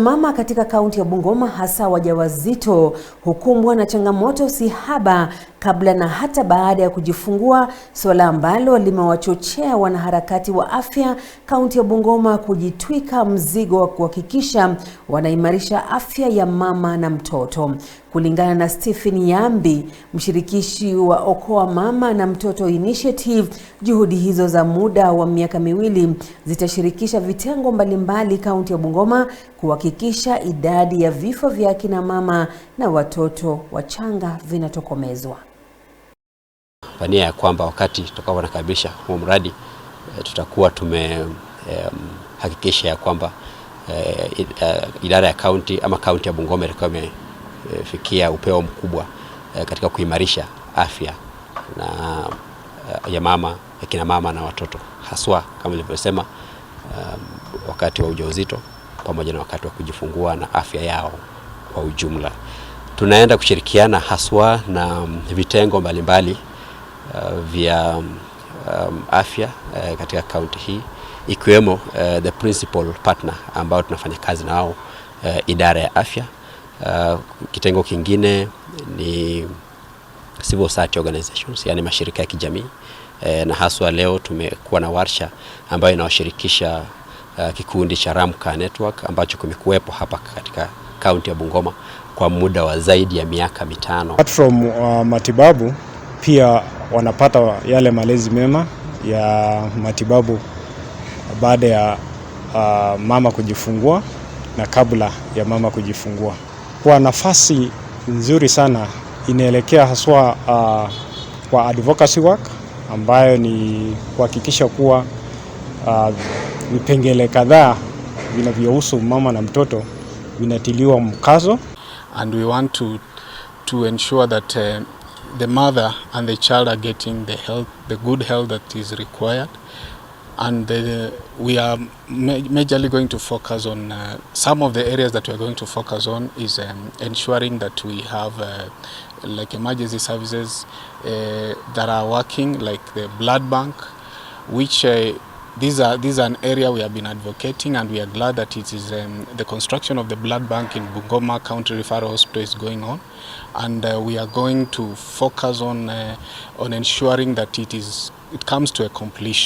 Mama katika kaunti ya Bungoma hasa wajawazito hukumbwa na changamoto si haba kabla na hata baada ya kujifungua, suala ambalo limewachochea wanaharakati wa afya kaunti ya Bungoma kujitwika mzigo wa kuhakikisha wanaimarisha afya ya mama na mtoto. Kulingana na Stephen Yambi, mshirikishi wa Okoa Mama na Mtoto Initiative, juhudi hizo za muda wa miaka miwili zitashirikisha vitengo mbalimbali kaunti ya Bungoma kuhakikisha idadi ya vifo vya akina mama na watoto wachanga vinatokomezwa. Fania ya kwamba wakati tutakapo nakamilisha huo mradi eh, tutakuwa tumehakikisha um, ya kwamba uh, idara ya kaunti ama kaunti ya Bungoma ilikuwa kufikia upeo mkubwa eh, katika kuimarisha afya na eh, ya mama ya kina mama na watoto haswa kama nilivyosema, um, wakati wa ujauzito pamoja na wakati wa kujifungua na afya yao kwa ujumla. Tunaenda kushirikiana haswa na mm, vitengo mbalimbali uh, vya um, afya uh, katika kaunti hii ikiwemo uh, the principal partner ambao tunafanya kazi nao uh, idara ya afya Uh, kitengo kingine ni civil society organizations, yani mashirika ya kijamii eh, na haswa leo tumekuwa na warsha ambayo inawashirikisha uh, kikundi cha Ramka Network ambacho kimekuwepo hapa katika kaunti ya Bungoma kwa muda wa zaidi ya miaka mitano. Apart from uh, matibabu pia wanapata yale malezi mema ya matibabu baada ya uh, mama kujifungua na kabla ya mama kujifungua kwa nafasi nzuri sana inaelekea haswa uh, kwa advocacy work ambayo ni kuhakikisha kuwa uh, vipengele kadhaa vinavyohusu mama na mtoto vinatiliwa mkazo and we want to, to ensure that uh, the mother and the child are getting the health, the good health that is required and we are ma majorly going to focus on uh, some of the areas that we are going to focus on is um, ensuring that we have uh, like emergency services uh, that are working like the blood bank which uh, these are these are an area we have been advocating and we are glad that it is um, the construction of the blood bank in Bungoma County Referral Hospital is going on and uh, we are going to focus on uh, on ensuring that it is it comes to a completion